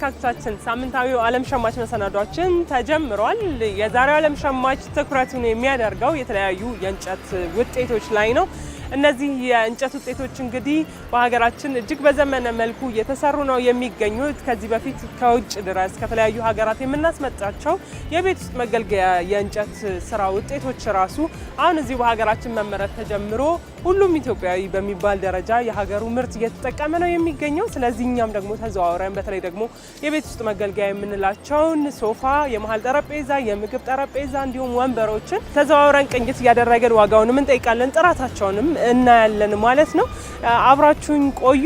ተመልካቾቻችን ሳምንታዊው ዓለም ሸማች መሰናዷችን ተጀምሯል። የዛሬው ዓለም ሸማች ትኩረቱን የሚያደርገው የተለያዩ የእንጨት ውጤቶች ላይ ነው። እነዚህ የእንጨት ውጤቶች እንግዲህ በሀገራችን እጅግ በዘመነ መልኩ እየተሰሩ ነው የሚገኙት። ከዚህ በፊት ከውጭ ድረስ ከተለያዩ ሀገራት የምናስመጣቸው የቤት ውስጥ መገልገያ የእንጨት ስራ ውጤቶች ራሱ አሁን እዚህ በሀገራችን መመረት ተጀምሮ ሁሉም ኢትዮጵያዊ በሚባል ደረጃ የሀገሩ ምርት እየተጠቀመ ነው የሚገኘው። ስለዚህ እኛም ደግሞ ተዘዋውረን በተለይ ደግሞ የቤት ውስጥ መገልገያ የምንላቸውን ሶፋ፣ የመሀል ጠረጴዛ፣ የምግብ ጠረጴዛ እንዲሁም ወንበሮችን ተዘዋውረን ቅኝት እያደረግን ዋጋውንም እንጠይቃለን ጥራታቸውንም እናያለን ማለት ነው። አብራችሁኝ ቆዩ።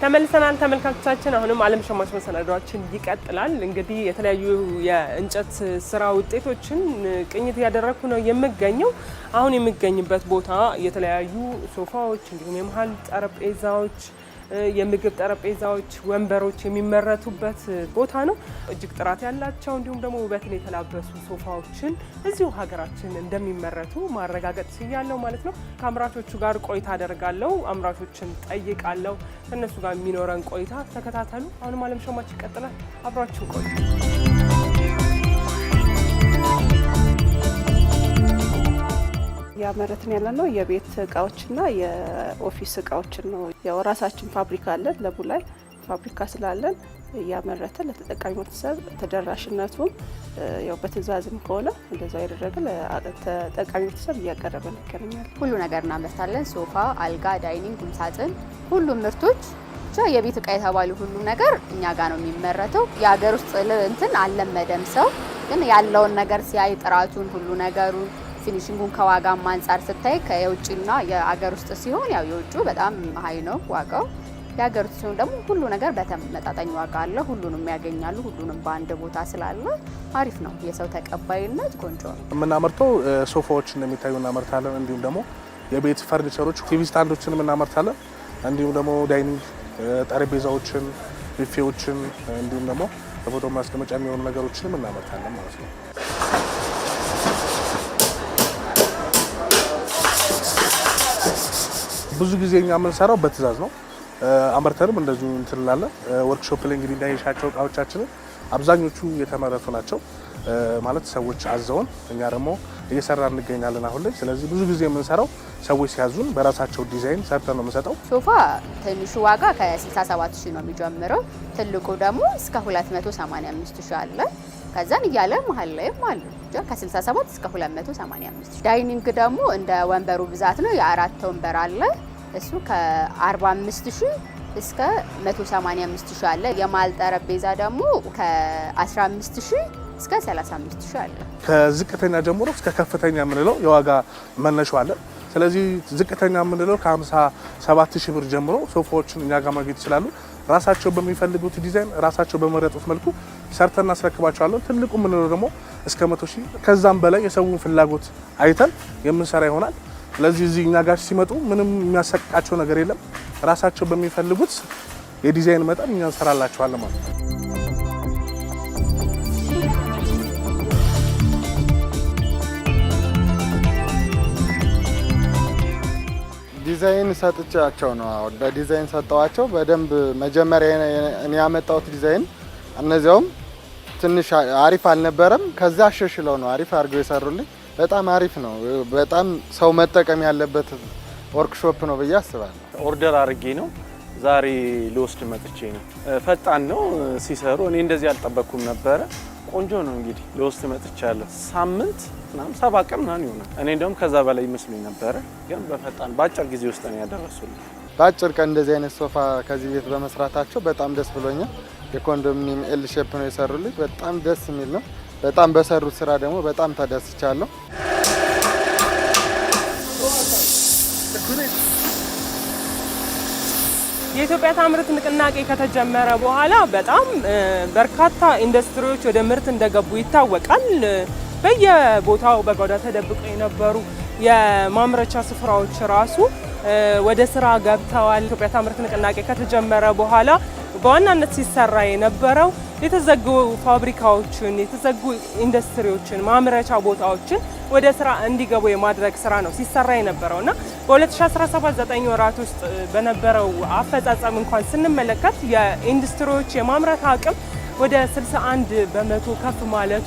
ተመልሰናል ተመልካቾቻችን። አሁንም ዓለም ሸማች መሰናዷችን ይቀጥላል። እንግዲህ የተለያዩ የእንጨት ስራ ውጤቶችን ቅኝት እያደረግኩ ነው የምገኘው። አሁን የምገኝበት ቦታ የተለያዩ ሶፋዎች እንዲሁም የመሀል ጠረጴዛዎች የምግብ ጠረጴዛዎች፣ ወንበሮች የሚመረቱበት ቦታ ነው። እጅግ ጥራት ያላቸው እንዲሁም ደግሞ ውበትን የተላበሱ ሶፋዎችን እዚሁ ሀገራችን እንደሚመረቱ ማረጋገጥ ችያለሁ ማለት ነው። ከአምራቾቹ ጋር ቆይታ አደርጋለሁ፣ አምራቾችን ጠይቃለሁ። ከእነሱ ጋር የሚኖረን ቆይታ ተከታተሉ። አሁንም አለም ሸማች ይቀጥላል። አብራችሁ ቆዩ። እያመረትን ያለ ነው የቤት እቃዎችና የኦፊስ እቃዎችን ነው። ያው ራሳችን ፋብሪካ አለን፣ ለቡ ላይ ፋብሪካ ስላለን እያመረትን ለተጠቃሚ ቤተሰብ ተደራሽነቱም ያው በትእዛዝም ከሆነ እንደዛ ያደረገ ለተጠቃሚ ቤተሰብ እያቀረበ ይገኛል። ሁሉ ነገር እናመርታለን። ሶፋ፣ አልጋ፣ ዳይኒንግ፣ ቁምሳጥን፣ ሁሉም ምርቶች ብቻ የቤት እቃ የተባሉ ሁሉ ነገር እኛ ጋር ነው የሚመረተው። የሀገር ውስጥ እንትን አለመደም ሰው ግን ያለውን ነገር ሲያይ ጥራቱን ሁሉ ነገሩን ፊኒሽንጉን ከዋጋም አንጻር ስታይ የውጭና የአገር ውስጥ ሲሆን ያው የውጩ በጣም ሀይ ነው ዋጋው። የሀገር ውስጥ ሲሆን ደግሞ ሁሉ ነገር በተመጣጣኝ ዋጋ አለ። ሁሉንም ያገኛሉ። ሁሉንም በአንድ ቦታ ስላለ አሪፍ ነው። የሰው ተቀባይነት ቆንጆ ነው። የምናመርተው ሶፋዎችን የሚታዩ እናመርታለን። እንዲሁም ደግሞ የቤት ፈርኒቸሮች፣ ቲቪ ስታንዶችን እናመርታለን። እንዲሁም ደግሞ ዳይኒንግ ጠረጴዛዎችን፣ ቢፌዎችን እንዲሁም ደግሞ ለፎቶ ማስቀመጫ የሚሆኑ ነገሮችንም እናመርታለን ማለት ነው። ብዙ ጊዜ እኛ የምንሰራው በትእዛዝ ነው። አመርተንም እንደዚሁ እንትን እንላለን። ወርክሾፕ ላይ እንግዲህ እንዳይሻቸው እቃዎቻችንን አብዛኞቹ የተመረቱ ናቸው ማለት ሰዎች አዘውን እኛ ደግሞ እየሰራ እንገኛለን አሁን ላይ። ስለዚህ ብዙ ጊዜ የምንሰራው ሰዎች ሲያዙን በራሳቸው ዲዛይን ሰርተን ነው የምንሰጠው። ሶፋ ትንሹ ዋጋ ከ67 ሺህ ነው የሚጀምረው። ትልቁ ደግሞ እስከ 285 ሺህ አለ። ከዛን እያለ መሀል ላይም አሉ ከ67 እስከ 285 ዳይኒንግ ደግሞ እንደ ወንበሩ ብዛት ነው። የአራት ወንበር አለ እሱ ከ45 ሺህ እስከ 185 ሺህ አለ። የማል ጠረጴዛ ደግሞ ከ15 ሺህ እስከ 35 ሺህ አለ። ከዝቅተኛ ጀምሮ እስከ ከፍተኛ የምንለው የዋጋ መነሻ አለ። ስለዚህ ዝቅተኛ የምንለው ከ57 ሺ ብር ጀምሮ ሶፋዎችን እኛ ጋር ማግኘት ይችላሉ። ራሳቸው በሚፈልጉት ዲዛይን ራሳቸው በመረጡት መልኩ ሰርተን እናስረክባቸዋለን። ትልቁ የምንለው ደግሞ እስከ መቶ ከዛም በላይ የሰውን ፍላጎት አይተን የምንሰራ ይሆናል። ስለዚህ እዚህ እኛ ጋር ሲመጡ ምንም የሚያሰቃቸው ነገር የለም። ራሳቸው በሚፈልጉት የዲዛይን መጠን እኛ እንሰራላቸዋለን ማለት ነው። ዲዛይን ሰጥቻቸው ነው። በዲዛይን ሰጠዋቸው። በደንብ መጀመሪያ እኔ ያመጣሁት ዲዛይን እነዚያውም ትንሽ አሪፍ አልነበረም። ከዛ አሸሽለው ነው አሪፍ አድርገው የሰሩልኝ። በጣም አሪፍ ነው። በጣም ሰው መጠቀም ያለበት ወርክሾፕ ነው ብዬ አስባለሁ። ኦርደር አድርጌ ነው ዛሬ ልወስድ መጥቼ ነው። ፈጣን ነው ሲሰሩ፣ እኔ እንደዚህ አልጠበቅኩም ነበረ። ቆንጆ ነው። እንግዲህ ልወስድ መጥቻለሁ። ሳምንት ምናምን ሰባ ቀን ምናምን ይሆናል። እኔ እንደውም ከዛ በላይ ይመስሉኝ ነበረ፣ ግን በፈጣን በአጭር ጊዜ ውስጥ ነው ያደረሱልኝ። በአጭር ቀን እንደዚህ አይነት ሶፋ ከዚህ ቤት በመስራታቸው በጣም ደስ ብሎኛል። የኮንዶሚኒየም ኤል ሼፕ ነው የሰሩልኝ። በጣም ደስ የሚል ነው። በጣም በሰሩት ስራ ደግሞ በጣም ተደስቻለሁ። የኢትዮጵያ ታምርት ንቅናቄ ከተጀመረ በኋላ በጣም በርካታ ኢንዱስትሪዎች ወደ ምርት እንደገቡ ይታወቃል። በየቦታው በጓዳ ተደብቀው የነበሩ የማምረቻ ስፍራዎች ራሱ ወደ ስራ ገብተዋል። ኢትዮጵያ ታምርት ንቅናቄ ከተጀመረ በኋላ በዋናነት ሲሰራ የነበረው የተዘጉ ፋብሪካዎችን፣ የተዘጉ ኢንዱስትሪዎችን፣ ማምረቻ ቦታዎችን ወደ ስራ እንዲገቡ የማድረግ ስራ ነው ሲሰራ የነበረው እና በ2017/9 ወራት ውስጥ በነበረው አፈጻጸም እንኳን ስንመለከት የኢንዱስትሪዎች የማምረት አቅም ወደ 61 በመቶ ከፍ ማለቱ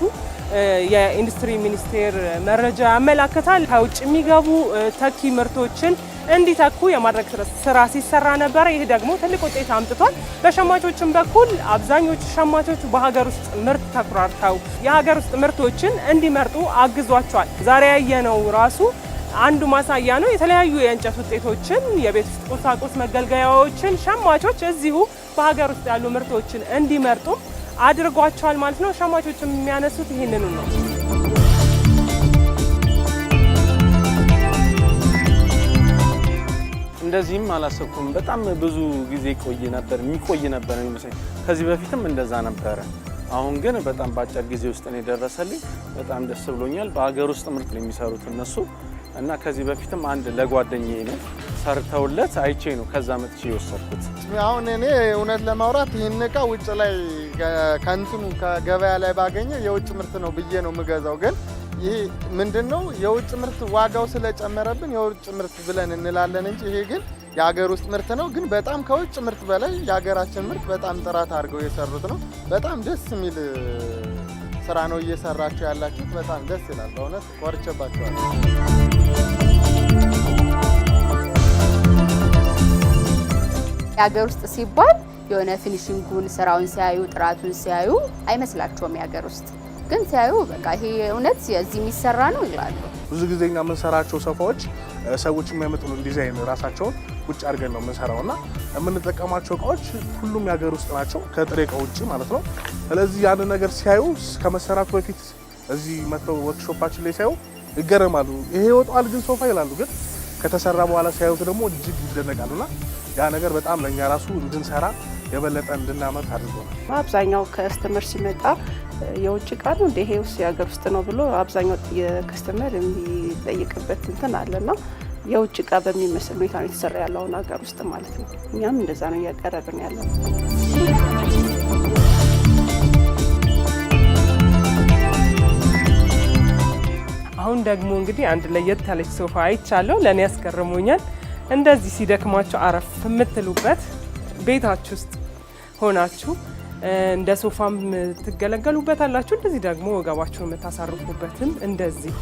የኢንዱስትሪ ሚኒስቴር መረጃ ያመላክታል። ከውጭ የሚገቡ ተኪ ምርቶችን እንዲተኩ የማድረግ ስራ ሲሰራ ነበረ። ይህ ደግሞ ትልቅ ውጤት አምጥቷል። በሸማቾችም በኩል አብዛኞቹ ሸማቾች በሀገር ውስጥ ምርት ተኩራርተው የሀገር ውስጥ ምርቶችን እንዲመርጡ አግዟቸዋል። ዛሬ ያየነው ራሱ አንዱ ማሳያ ነው። የተለያዩ የእንጨት ውጤቶችን፣ የቤት ውስጥ ቁሳቁስ መገልገያዎችን ሸማቾች እዚሁ በሀገር ውስጥ ያሉ ምርቶችን እንዲመርጡ አድርጓቸዋል ማለት ነው። ሸማቾች የሚያነሱት ይህንኑ ነው። እንደዚህም አላሰብኩም። በጣም ብዙ ጊዜ ቆይ ነበር የሚቆይ ነበር የሚመስለኝ። ከዚህ በፊትም እንደዛ ነበረ። አሁን ግን በጣም በአጭር ጊዜ ውስጥ ነው የደረሰልኝ። በጣም ደስ ብሎኛል። በሀገር ውስጥ ምርት ነው የሚሰሩት እነሱ እና ከዚህ በፊትም አንድ ለጓደኛዬ ነው ሰርተውለት አይቼ ነው ከዛ መጥቼ የወሰድኩት። አሁን እኔ እውነት ለማውራት ይህን እቃ ውጭ ላይ ከንትኑ ከገበያ ላይ ባገኘ የውጭ ምርት ነው ብዬ ነው የምገዛው ግን ይህ ምንድን ነው የውጭ ምርት ዋጋው ስለጨመረብን የውጭ ምርት ብለን እንላለን እንጂ ይሄ ግን የሀገር ውስጥ ምርት ነው። ግን በጣም ከውጭ ምርት በላይ የሀገራችን ምርት በጣም ጥራት አድርገው የሰሩት ነው። በጣም ደስ የሚል ስራ ነው እየሰራችሁ ያላችሁት። በጣም ደስ ይላል። በእውነት ኮርቼባችኋል። የሀገር ውስጥ ሲባል የሆነ ፊኒሽንጉን ስራውን ሲያዩ ጥራቱን ሲያዩ አይመስላቸውም የሀገር ውስጥ ግን ሲያዩ በቃ ይሄ እውነት የዚህ የሚሰራ ነው ይላሉ። ብዙ ጊዜ እኛ የምንሰራቸው ሰፋዎች ሰዎች የሚያመጡን ዲዛይን ራሳቸውን ውጭ አድርገን ነው የምንሰራው እና የምንጠቀማቸው እቃዎች ሁሉም የሀገር ውስጥ ናቸው ከጥሬ እቃ ውጭ ማለት ነው። ስለዚህ ያን ነገር ሲያዩ ከመሰራቱ በፊት እዚህ መጥተው ወርክሾፓችን ላይ ሲያዩ ይገረማሉ። ይሄ ይወጣዋል ግን ሶፋ ይላሉ። ግን ከተሰራ በኋላ ሲያዩት ደግሞ እጅግ ይደነቃሉና ያ ነገር በጣም ለእኛ ራሱ እንድንሰራ የበለጠ እንድናመርት አድርጎናል። በአብዛኛው ከስተመር ሲመጣ የውጭ እቃ ነው እንደ ይሄ ውስጥ የሀገር ውስጥ ነው ብሎ አብዛኛው የከስተመር የሚጠይቅበት እንትን አለና የውጭ እቃ በሚመስል ሁኔታ ነው የተሰራ ያለውን ሀገር ውስጥ ማለት ነው። እኛም እንደዛ ነው እያቀረብን ያለው። አሁን ደግሞ እንግዲህ አንድ ለየት ያለች ሶፋ አይቻለሁ። ለእኔ ያስገርሞኛል። እንደዚህ ሲደክማቸው አረፍ የምትሉበት ቤታችሁ ውስጥ ሆናችሁ እንደ ሶፋም ትገለገሉበት አላችሁ። እንደዚህ ደግሞ ወገባችሁን የምታሳርፉበትም እንደዚሁ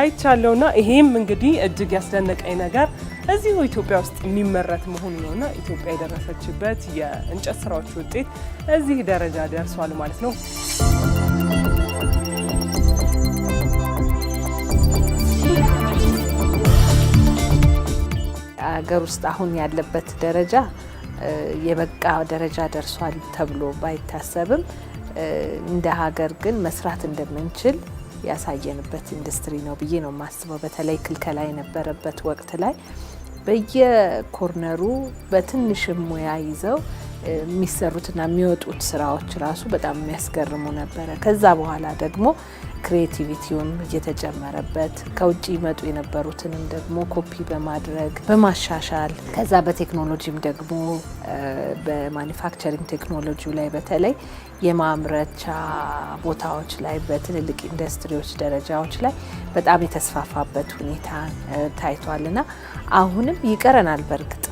አይቻለውና ይሄም እንግዲህ እጅግ ያስደነቀኝ ነገር እዚሁ ኢትዮጵያ ውስጥ የሚመረት መሆኑ ነውና ኢትዮጵያ የደረሰችበት የእንጨት ስራዎች ውጤት እዚህ ደረጃ ደርሷል ማለት ነው። አገር ውስጥ አሁን ያለበት ደረጃ የበቃ ደረጃ ደርሷል ተብሎ ባይታሰብም እንደ ሀገር ግን መስራት እንደምንችል ያሳየንበት ኢንዱስትሪ ነው ብዬ ነው የማስበው። በተለይ ክልከላ የነበረበት ወቅት ላይ በየኮርነሩ በትንሽም ሙያ ይዘው የሚሰሩትና የሚወጡት ስራዎች ራሱ በጣም የሚያስገርሙ ነበረ። ከዛ በኋላ ደግሞ ክሬቲቪቲውም እየተጨመረበት ከውጭ ይመጡ የነበሩትንም ደግሞ ኮፒ በማድረግ በማሻሻል ከዛ በቴክኖሎጂም ደግሞ በማኒፋክቸሪንግ ቴክኖሎጂ ላይ በተለይ የማምረቻ ቦታዎች ላይ በትልልቅ ኢንዱስትሪዎች ደረጃዎች ላይ በጣም የተስፋፋበት ሁኔታ ታይቷልና አሁንም ይቀረናል በእርግጥ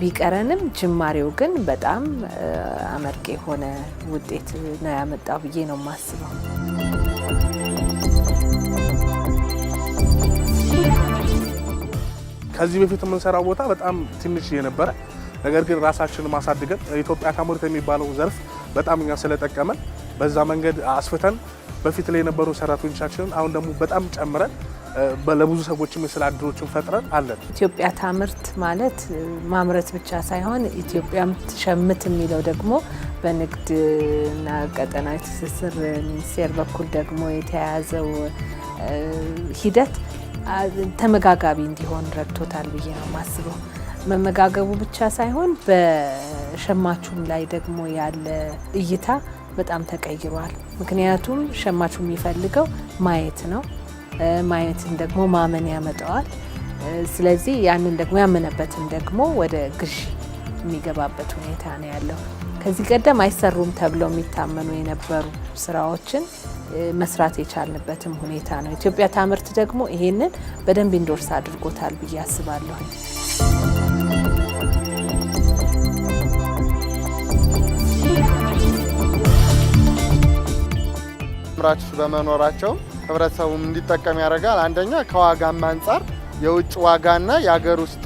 ቢቀረንም ጅማሬው ግን በጣም አመርቂ የሆነ ውጤት ነው ያመጣው ብዬ ነው የማስበው። ከዚህ በፊት የምንሰራው ቦታ በጣም ትንሽ የነበረ ነገር ግን ራሳችንን ማሳድገን ኢትዮጵያ ታምርት የሚባለው ዘርፍ በጣም እኛ ስለጠቀመን በዛ መንገድ አስፍተን በፊት ላይ የነበሩ ሰራተኞቻችንን አሁን ደግሞ በጣም ጨምረን ለብዙ ሰዎችም የስራ እድሎችን ፈጥረን አለን። ኢትዮጵያ ታምርት ማለት ማምረት ብቻ ሳይሆን ኢትዮጵያም ትሸምት የሚለው ደግሞ በንግድና ቀጠናዊ ትስስር ሚኒስቴር በኩል ደግሞ የተያያዘው ሂደት ተመጋጋቢ እንዲሆን ረድቶታል ብዬ ነው የማስበው። መመጋገቡ ብቻ ሳይሆን በሸማቹም ላይ ደግሞ ያለ እይታ በጣም ተቀይሯል። ምክንያቱም ሸማቹ የሚፈልገው ማየት ነው። ማየትን ደግሞ ማመን ያመጣዋል። ስለዚህ ያንን ደግሞ ያመነበትን ደግሞ ወደ ግዥ የሚገባበት ሁኔታ ነው ያለው። ከዚህ ቀደም አይሰሩም ተብለው የሚታመኑ የነበሩ ስራዎችን መስራት የቻልንበትም ሁኔታ ነው። ኢትዮጵያ ታምርት ደግሞ ይሄንን በደንብ ኢንዶርስ አድርጎታል ብዬ አስባለሁ። ምራች በመኖራቸው ህብረተሰቡም እንዲጠቀም ያደርጋል። አንደኛ ከዋጋም አንጻር የውጭ ዋጋና የሀገር ውስጥ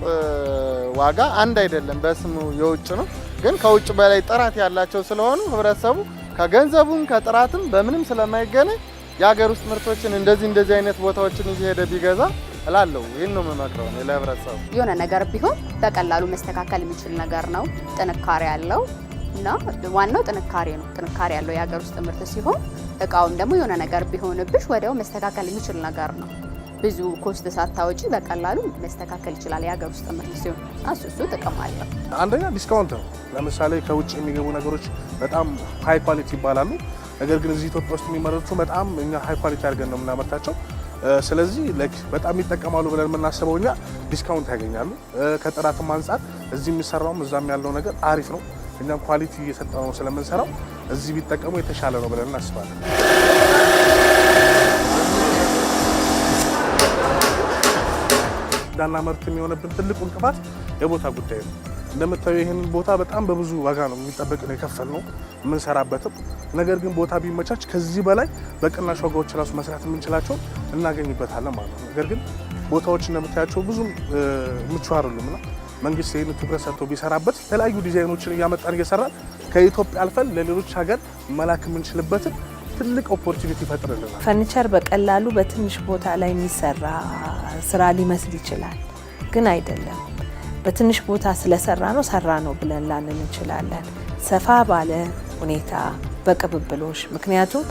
ዋጋ አንድ አይደለም። በስሙ የውጭ ነው፣ ግን ከውጭ በላይ ጥራት ያላቸው ስለሆኑ ህብረተሰቡ ከገንዘቡም ከጥራትም በምንም ስለማይገናኝ የሀገር ውስጥ ምርቶችን እንደዚህ እንደዚህ አይነት ቦታዎችን እየሄደ ቢገዛ እላለሁ። ይህን ነው የምመክረው ለህብረተሰቡ። የሆነ ነገር ቢሆን በቀላሉ መስተካከል የሚችል ነገር ነው። ጥንካሬ ያለው እና ዋናው ጥንካሬ ነው። ጥንካሬ ያለው የሀገር ውስጥ ምርት ሲሆን እቃውን ደግሞ የሆነ ነገር ቢሆንብሽ ወዲያው መስተካከል የሚችል ነገር ነው። ብዙ ኮስት ሳታወጪ በቀላሉ መስተካከል ይችላል። የሀገር ውስጥ ምርት ሲሆን እሱ እሱ ጥቅም አለው። አንደኛ ዲስካውንት ነው። ለምሳሌ ከውጭ የሚገቡ ነገሮች በጣም ሀይ ኳሊቲ ይባላሉ። ነገር ግን እዚህ ኢትዮጵያ ውስጥ የሚመረቱ በጣም እኛ ሀይ ኳሊቲ አድርገን ነው የምናመርታቸው። ስለዚህ በጣም ይጠቀማሉ ብለን የምናስበው እኛ ዲስካውንት ያገኛሉ። ከጥራትም አንጻር እዚህ የሚሰራውም እዛም ያለው ነገር አሪፍ ነው። እኛም ኳሊቲ እየሰጠ ነው ስለምንሰራው እዚህ ቢጠቀሙ የተሻለ ነው ብለን እናስባለን። ዳና ምርት የሚሆነብን ትልቁ እንቅፋት የቦታ ጉዳይ ነው። እንደምታዩ ይህንን ቦታ በጣም በብዙ ዋጋ ነው የሚጠበቅ ነው የከፈል ነው የምንሰራበትም። ነገር ግን ቦታ ቢመቻች ከዚህ በላይ በቅናሽ ዋጋዎች ራሱ መስራት የምንችላቸው እናገኝበታለን ማለት ነው። ነገር ግን ቦታዎች እንደምታያቸው ብዙም ምቹ አይደሉም እና መንግስት ይህን ትኩረት ሰጥቶ ቢሰራበት የተለያዩ ዲዛይኖችን እያመጣን እየሰራን ከኢትዮጵያ አልፈን ለሌሎች ሀገር መላክ የምንችልበትን ትልቅ ኦፖርቹኒቲ ይፈጥርልናል። ፈርኒቸር በቀላሉ በትንሽ ቦታ ላይ የሚሰራ ስራ ሊመስል ይችላል፣ ግን አይደለም። በትንሽ ቦታ ስለሰራ ነው ሰራ ነው ብለን ላንን እንችላለን። ሰፋ ባለ ሁኔታ በቅብብሎሽ ምክንያቱም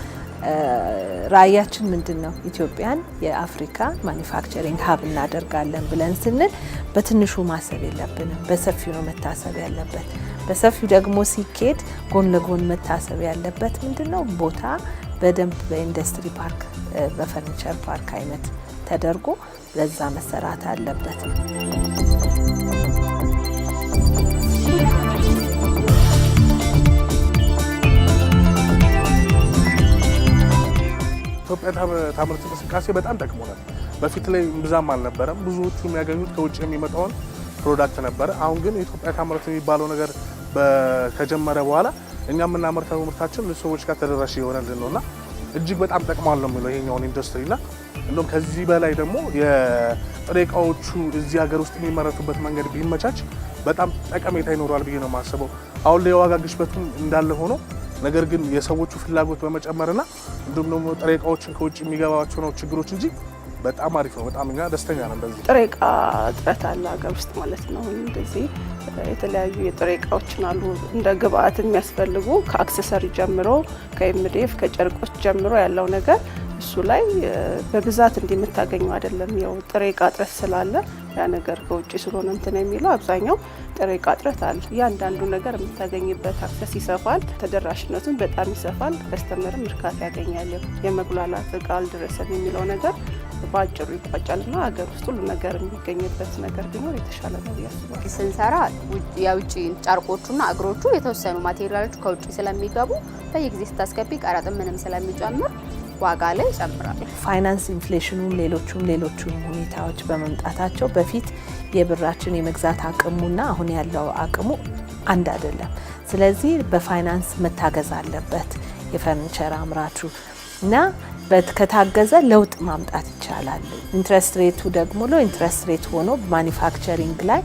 ራዕያችን ምንድን ነው? ኢትዮጵያን የአፍሪካ ማኒፋክቸሪንግ ሀብ እናደርጋለን ብለን ስንል በትንሹ ማሰብ የለብንም፣ በሰፊው ነው መታሰብ ያለበት። በሰፊው ደግሞ ሲኬድ ጎን ለጎን መታሰብ ያለበት ምንድን ነው ቦታ በደንብ በኢንዱስትሪ ፓርክ በፈርኒቸር ፓርክ አይነት ተደርጎ ለዛ መሰራት አለበት። ኢትዮጵያ ታምርት እንቅስቃሴ በጣም ጠቅሞናል። በፊት ላይ ብዛም አልነበረም። ብዙዎቹ የሚያገኙት ከውጭ የሚመጣውን ፕሮዳክት ነበረ። አሁን ግን ኢትዮጵያ ታምርት የሚባለው ነገር ከጀመረ በኋላ እኛ የምናመርተው ምርታችን ሰዎች ጋር ተደራሽ የሆነልን ነውና እጅግ በጣም ጠቅሟል ነው የሚለው ይሄኛውን ኢንዱስትሪና እንደውም ከዚህ በላይ ደግሞ የጥሬ እቃዎቹ እዚህ ሀገር ውስጥ የሚመረቱበት መንገድ ቢመቻች በጣም ጠቀሜታ ይኖረዋል ብዬ ነው የማስበው። አሁን ላይ የዋጋ ግሽበቱም እንዳለ ሆኖ ነገር ግን የሰዎቹ ፍላጎት በመጨመርና እንዲሁም ደግሞ ጥሬ እቃዎችን ከውጭ የሚገባቸው ነው ችግሮች እንጂ በጣም አሪፍ ነው። በጣም እኛ ደስተኛ ነን። በዚህ ጥሬ እቃ እጥረት አለ ሀገር ውስጥ ማለት ነው። እንደዚህ የተለያዩ የጥሬ እቃዎችን አሉ እንደ ግብአት የሚያስፈልጉ ከአክሰሰሪ ጀምሮ ከኤምዴፍ ከጨርቆች ጀምሮ ያለው ነገር እሱ ላይ በብዛት እንዲህ የምታገኘው አይደለም። ያው ጥሬ እቃ እጥረት ስላለ ያ ነገር ከውጭ ስለሆነ እንትን የሚለው አብዛኛው ጥሬ እቃ እጥረት አለ። እያንዳንዱ ነገር የምታገኝበት አክሰስ ይሰፋል፣ ተደራሽነቱን በጣም ይሰፋል። ከስተመርም እርካታ ያገኛል። የመጉላላት እቃ አልደረሰም የሚለው ነገር በአጭሩ ይቋጫል እና ሀገር ውስጥ ሁሉ ነገር የሚገኝበት ነገር ቢኖር የተሻለ ነው ያስባል። ስንሰራ የውጭ ጨርቆቹና እግሮቹ የተወሰኑ ማቴሪያሎች ከውጭ ስለሚገቡ በየጊዜ ስታስገቢ ቀረጥ ምንም ስለሚጨምር ዋጋ ላይ ይጨምራል። ፋይናንስ ኢንፍሌሽኑን፣ ሌሎቹም ሌሎቹም ሁኔታዎች በመምጣታቸው በፊት የብራችን የመግዛት አቅሙና አሁን ያለው አቅሙ አንድ አይደለም። ስለዚህ በፋይናንስ መታገዝ አለበት የፈርኒቸር አምራቹ እና ከታገዘ ለውጥ ማምጣት ይቻላል። ኢንትረስት ሬቱ ደግሞ ኢንትረስት ሬት ሆኖ ማኒፋክቸሪንግ ላይ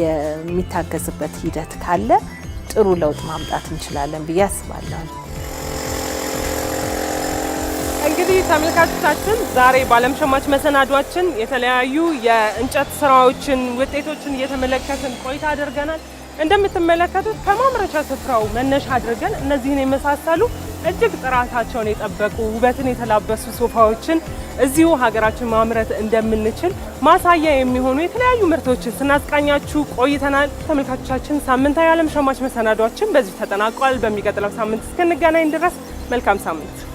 የሚታገዝበት ሂደት ካለ ጥሩ ለውጥ ማምጣት እንችላለን ብዬ አስባለሁ። እንግዲህ ተመልካቾቻችን ዛሬ በዓለም ሸማች መሰናዷችን የተለያዩ የእንጨት ስራዎችን ውጤቶችን እየተመለከትን ቆይታ አድርገናል። እንደምትመለከቱት ከማምረቻ ስፍራው መነሻ አድርገን እነዚህን የመሳሰሉ እጅግ ጥራታቸውን የጠበቁ ውበትን የተላበሱ ሶፋዎችን እዚሁ ሀገራችን ማምረት እንደምንችል ማሳያ የሚሆኑ የተለያዩ ምርቶችን ስናስቃኛችሁ ቆይተናል። ተመልካቾቻችን፣ ሳምንታዊ የዓለም ሸማች መሰናዷችን በዚህ ተጠናቋል። በሚቀጥለው ሳምንት እስክንገናኝ ድረስ መልካም ሳምንት